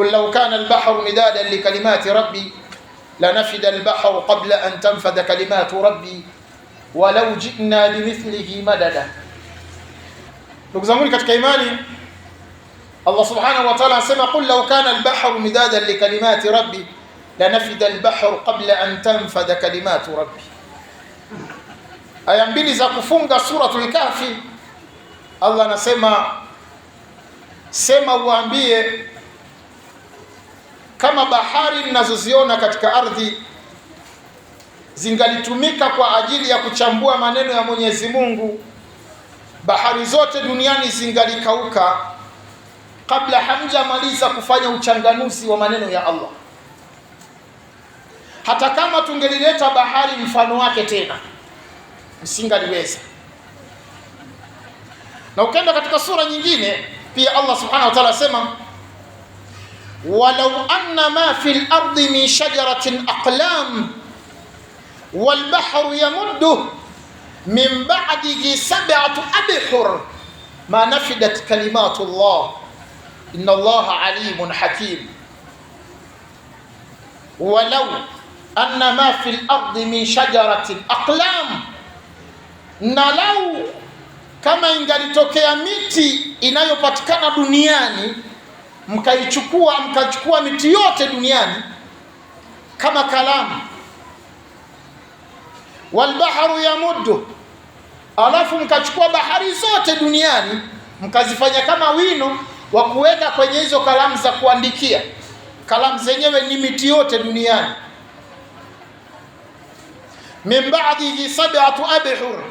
قل لو كان البحر مدادا لكلمات ربي لنفد البحر قبل أن تنفد كلمات ربي ولو جئنا لمثله مددا ndugu zangu katika imani Allah subhanahu wa ta'ala anasema qul law kana al-bahru midadan li kalimati rabbi lanafida al-bahru qabla an tanfada kalimatu rabbi aya mbili za kufunga suratul kahfi Allah anasema sema uambie kama bahari mnazoziona katika ardhi zingalitumika kwa ajili ya kuchambua maneno ya Mwenyezi Mungu, bahari zote duniani zingalikauka kabla hamjamaliza kufanya uchanganuzi wa maneno ya Allah. Hata kama tungelileta bahari mfano wake tena, msingaliweza. Na ukenda katika sura nyingine pia, Allah subhanahu wa ta'ala asema ولو أن ما في الأرض من شجرة أقلام والبحر يمده من بعده سبعة أبحر ما نفدت كلمات الله إن الله عليم حكيم ولو أن ما في الأرض من شجرة أقلام na lau kama ميتي إنا inayopatikana دنياني mkaichukua mkachukua miti yote duniani kama kalamu, walbaharu yamuddu, alafu mkachukua bahari zote duniani mkazifanya kama wino wa kuweka kwenye hizo kalamu za kuandikia. Kalamu zenyewe ni miti yote duniani. min ba'dihi sab'atu abhur,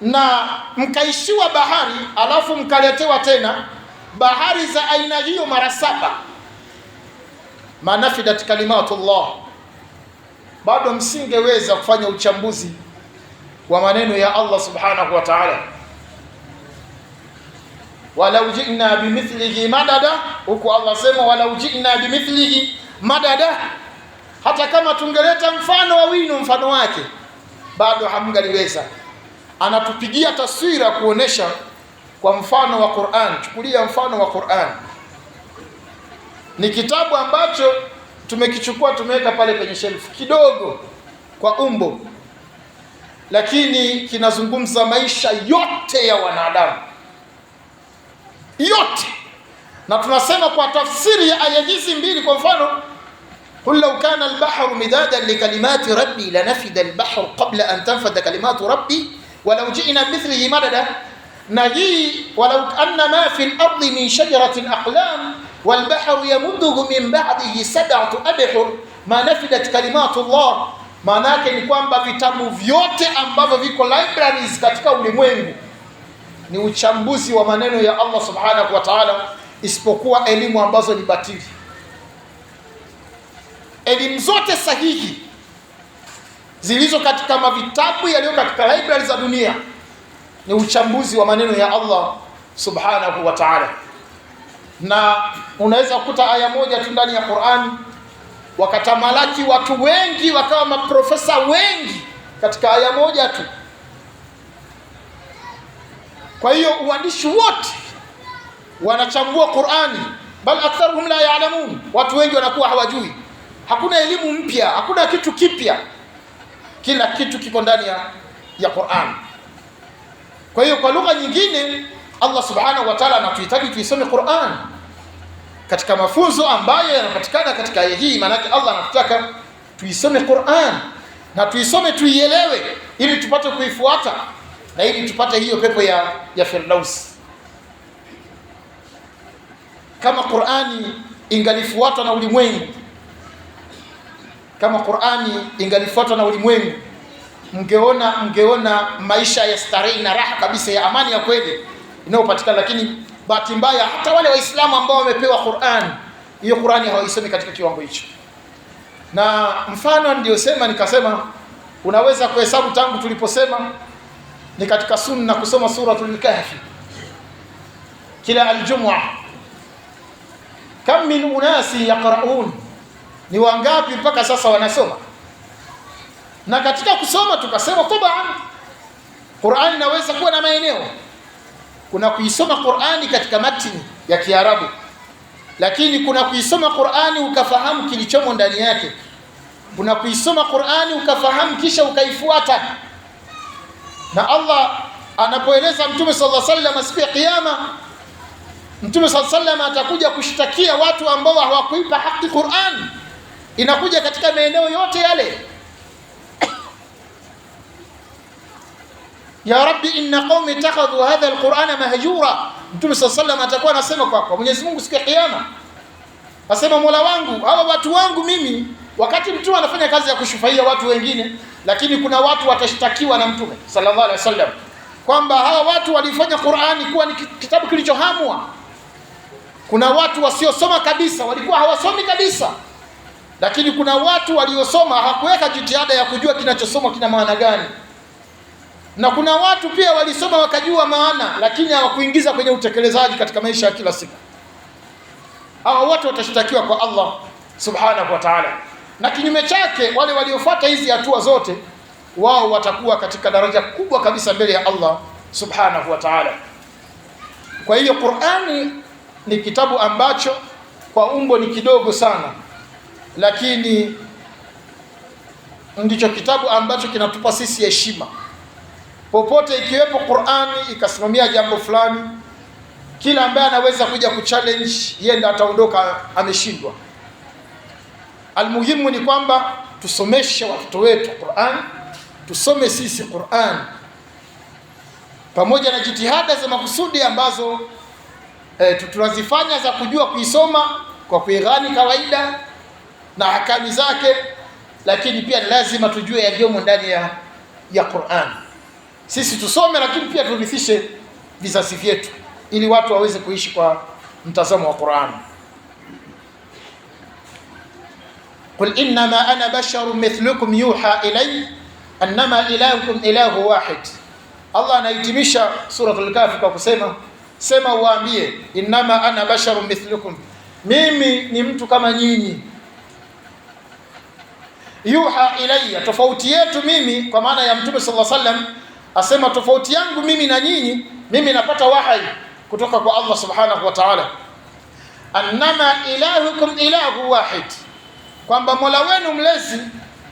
na mkaishiwa bahari, alafu mkaletewa tena bahari za aina hiyo mara saba, manafidat kalimatullah, bado msingeweza kufanya uchambuzi wa maneno ya Allah subhanahu wa ta'ala. Walau jina bimithlihi madada, huku Allah sema walau jina bimithlihi madada, hata kama tungeleta mfano wa wino mfano wake bado hamngaliweza. Anatupigia taswira kuonesha kwa mfano wa Qur'an, chukulia mfano wa Qur'an, ni kitabu ambacho tumekichukua tumeweka pale kwenye shelfu kidogo kwa umbo, lakini kinazungumza maisha yote ya wanadamu yote, na tunasema kwa tafsiri ya aya hizi mbili, kwa mfano Qul law kana al-bahru midada li kalimati rabbi lanafida al-bahru qabla an tanfada kalimatu rabbi walau ji'na mithlihi madada na hii walau anna ma fi lardi min shajaratin aqlam walbahru yamudduhu min ba'dihi sab'atu abhur ma nafidat kalimatu llah, maana yake ni kwamba vitabu vyote ambavyo viko libraries katika ulimwengu ni uchambuzi wa maneno ya Allah subhanahu wa ta'ala, isipokuwa elimu ambazo ni batili. Elimu zote sahihi zilizo katika mavitabu yaliyo katika libraries za dunia ni uchambuzi wa maneno ya Allah subhanahu wa ta'ala, na unaweza kukuta aya moja tu ndani ya Qur'ani wakatamalaki watu wengi wakawa maprofesa wengi katika aya moja tu. Kwa hiyo uandishi wote wanachambua Qur'ani, bal aktharuhum la ya'lamun, watu wengi wanakuwa hawajui. Hakuna elimu mpya, hakuna kitu kipya, kila kitu kiko ndani ya Qur'ani. Kwa hiyo kwa lugha nyingine, Allah subhanahu wa ta'ala anatuhitaji tuisome Qur'an katika mafunzo ambayo yanapatikana katika aya hii. Maanake Allah anatutaka tuisome Qur'an na tuisome tuielewe, ili tupate kuifuata na ili tupate hiyo pepo ya, ya Firdaus. Kama Qur'ani ingalifuatwa na ulimwengu, kama Qur'ani ingalifuatwa na ulimwengu mngeona mngeona maisha ya starehi na raha kabisa ya amani ya kweli inayopatikana. Lakini bahati mbaya hata wale Waislamu ambao wamepewa Qur'an, hiyo Qur'ani hawaisomi katika kiwango hicho, na mfano ndio sema nikasema unaweza kuhesabu tangu tuliposema ni katika sunna kusoma suratul kahfi kila aljumua. Kam min unasi yaqraun, ni wangapi mpaka sasa wanasoma na katika kusoma tukasema kwamba Qur'ani inaweza kuwa na maeneo, kuna kuisoma Qur'ani katika matini ya Kiarabu, lakini kuna kuisoma Qur'ani ukafahamu kilichomo ndani yake. Kuna kuisoma Qur'ani ukafahamu kisha ukaifuata. Na Allah anapoeleza Mtume sallallahu alaihi wasallam siku ya Kiyama, Mtume sallallahu alaihi wasallam atakuja kushtakia watu ambao hawakuipa haki Qur'an, inakuja katika maeneo yote yale ya rabbi inna qaumi takhadhu hadha alqur'ana mahjura. Mtume sallallahu sallam atakuwa anasema kwa kwa Mwenyezi Mungu siku ya Kiyama, asema Mola wangu, hawa watu wangu mimi. Wakati mtume anafanya kazi ya kushufaia watu wengine, lakini kuna watu watashtakiwa na mtume sallallahu alaihi wasallam kwamba hawa watu walifanya Qur'ani kuwa ni kitabu kilichohamwa. Kuna watu wasiosoma kabisa, walikuwa hawasomi kabisa, lakini kuna watu waliosoma, hakuweka jitihada ya kujua kinachosoma kina maana gani na kuna watu pia walisoma wakajua maana, lakini hawakuingiza kwenye utekelezaji katika maisha ya kila siku. Hawa watu watashitakiwa kwa Allah subhanahu wa ta'ala, na kinyume chake wale waliofuata hizi hatua zote, wao watakuwa katika daraja kubwa kabisa mbele ya Allah subhanahu wa ta'ala. Kwa hiyo Qur'ani ni kitabu ambacho kwa umbo ni kidogo sana, lakini ndicho kitabu ambacho kinatupa sisi heshima popote, ikiwepo Qur'ani ikasimamia jambo fulani. Kila ambaye anaweza kuja kuchallenge yeye ndiye ataondoka ameshindwa. Almuhimu ni kwamba tusomeshe watoto wetu Qur'an, tusome sisi Qur'an pamoja na jitihada za makusudi ambazo e, tunazifanya za kujua kuisoma kwa kuighani kawaida na hakami zake, lakini pia lazima tujue yaliyomo ndani ya, ya Qur'an. Sisi tusome, lakini pia turithishe vizazi vyetu, ili watu waweze kuishi kwa mtazamo wa Qur'an. Qul innama ana basharun mithlukum yuha ilay annama ilahukum ilahu wahid. Allah anahitimisha Suratul Kahf kwa kusema, sema uwaambie, innama ana basharun mithlukum, mimi ni mtu kama nyinyi yuha ilayya, tofauti yetu mimi kwa maana ya Mtume sallallahu alayhi wasallam asema tofauti yangu mimi na nyinyi, mimi napata wahai kutoka kwa Allah subhanahu wa ta'ala, annama ilahukum ilahu wahid, kwamba mola wenu mlezi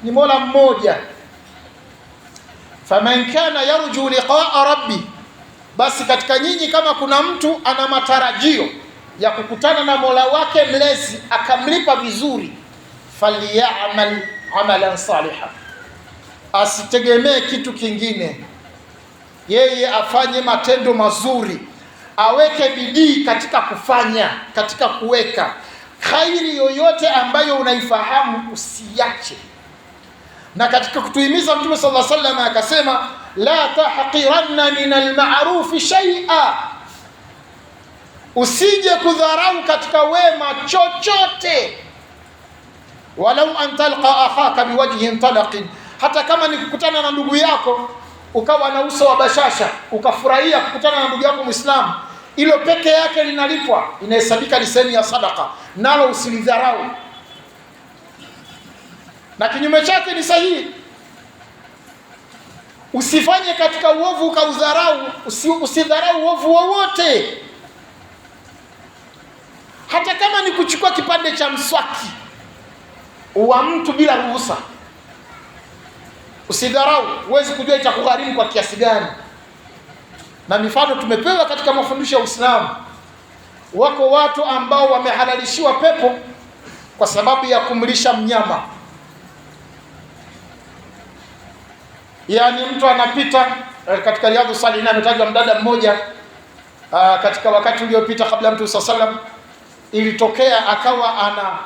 ni mola mmoja. Faman kana yarju liqaa rabbi, basi katika nyinyi kama kuna mtu ana matarajio ya kukutana na mola wake mlezi akamlipa vizuri, falyamal amalan saliha, asitegemee kitu kingine yeye afanye matendo mazuri, aweke bidii katika kufanya, katika kuweka khairi yoyote ambayo unaifahamu usiache. Na katika kutuhimiza Mtume sallallahu alaihi wasallam akasema, la tahqiranna min almarufi shay'a, usije kudharau katika wema chochote, walau an talqa akhaka biwajhin talaqin, hata kama ni kukutana na ndugu yako ukawa na uso wa bashasha, ukafurahia kukutana na ndugu yako Muislamu, ilo peke yake linalipwa, inahesabika ni sehemu ya sadaka, nalo usilidharau. Na kinyume chake ni sahihi, usifanye katika uovu ukaudharau, usidharau uovu wowote, hata kama ni kuchukua kipande cha mswaki wa mtu bila ruhusa Usidharau, huwezi kujua itakugharimu kwa kiasi gani. Na mifano tumepewa katika mafundisho ya Uislamu. Wako watu ambao wamehalalishiwa pepo kwa sababu ya kumlisha mnyama, yaani mtu anapita eh, katika Riyadhus Salihin ametajwa mdada mmoja aa, ah, katika wakati uliopita kabla ya Mtume sallallahu alayhi wasallam, ilitokea akawa ana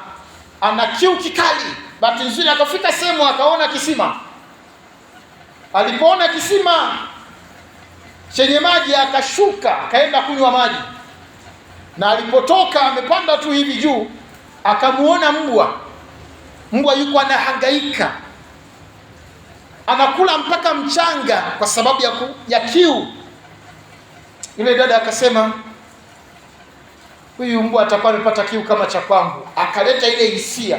ana kiu kikali. Bahati nzuri akafika sehemu akaona kisima Alipoona kisima chenye maji akashuka akaenda kunywa maji, na alipotoka amepanda tu hivi juu akamuona mbwa. Mbwa yuko anahangaika, anakula mpaka mchanga kwa sababu ya, ku, ya kiu. Yule dada akasema huyu mbwa atakuwa amepata kiu kama cha kwangu, akaleta ile hisia.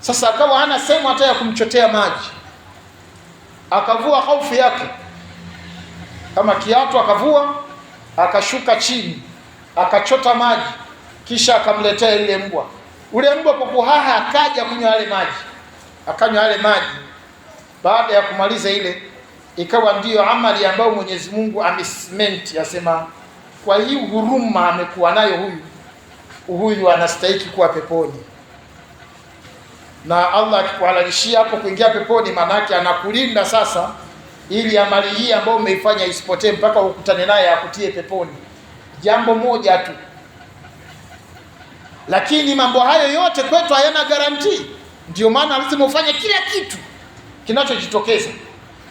Sasa akawa hana sehemu hata ya kumchotea maji akavua haufu yake kama kiatu, akavua akashuka chini, akachota maji, kisha akamletea yule mbwa. Ule mbwa kwa kuhaha akaja kunywa yale maji, akanywa yale maji. Baada ya kumaliza ile, ikawa ndiyo amali ambayo Mwenyezi Mungu amesimenti, asema kwa hii huruma amekuwa nayo huyu, huyu anastahili kuwa peponi na Allah akikuhalalishia hapo kuingia peponi, yake anakulinda sasa, ili amali hii ambayo umeifanya isipotee mpaka ukutane naye akutie peponi. Jambo moja tu, lakini mambo hayo yote kwetu hayana guarantee. Ndio maana lazima ufanye kila kitu kinachojitokeza,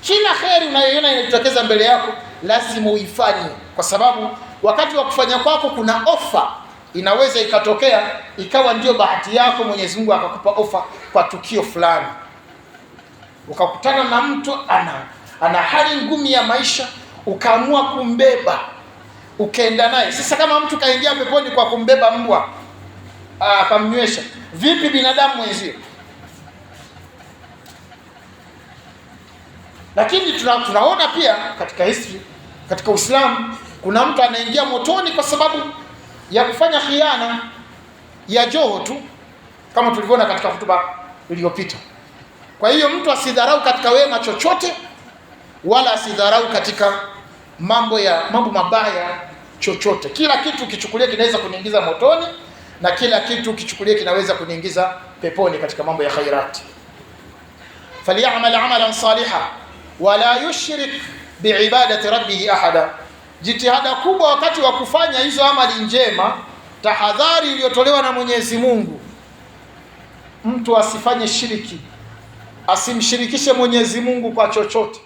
kila kheri unayoiona inajitokeza mbele yako lazima uifanye, kwa sababu wakati wa kufanya kwako kuna ofa inaweza ikatokea ikawa ndio bahati yako, Mwenyezi Mungu akakupa ofa kwa tukio fulani, ukakutana na mtu ana ana hali ngumu ya maisha, ukaamua kumbeba ukaenda naye. Sasa kama mtu kaingia peponi kwa kumbeba mbwa ah, akamnywesha, vipi binadamu mwenzio? Lakini tuna, tunaona pia katika history, katika Uislamu kuna mtu anaingia motoni kwa sababu ya kufanya khiana ya joho tu, kama tulivyoona katika hotuba iliyopita. Kwa hiyo mtu asidharau katika wema chochote, wala asidharau katika mambo ya mambo mabaya chochote. Kila kitu ukichukulia kinaweza kuniingiza motoni na kila kitu ukichukulia kinaweza kuniingiza peponi katika mambo ya khairati. Falyamal amalan saliha wala yushrik biibadati rabbihi ahada Jitihada kubwa wakati wa kufanya hizo amali njema, tahadhari iliyotolewa na Mwenyezi Mungu, mtu asifanye shiriki, asimshirikishe Mwenyezi Mungu kwa chochote.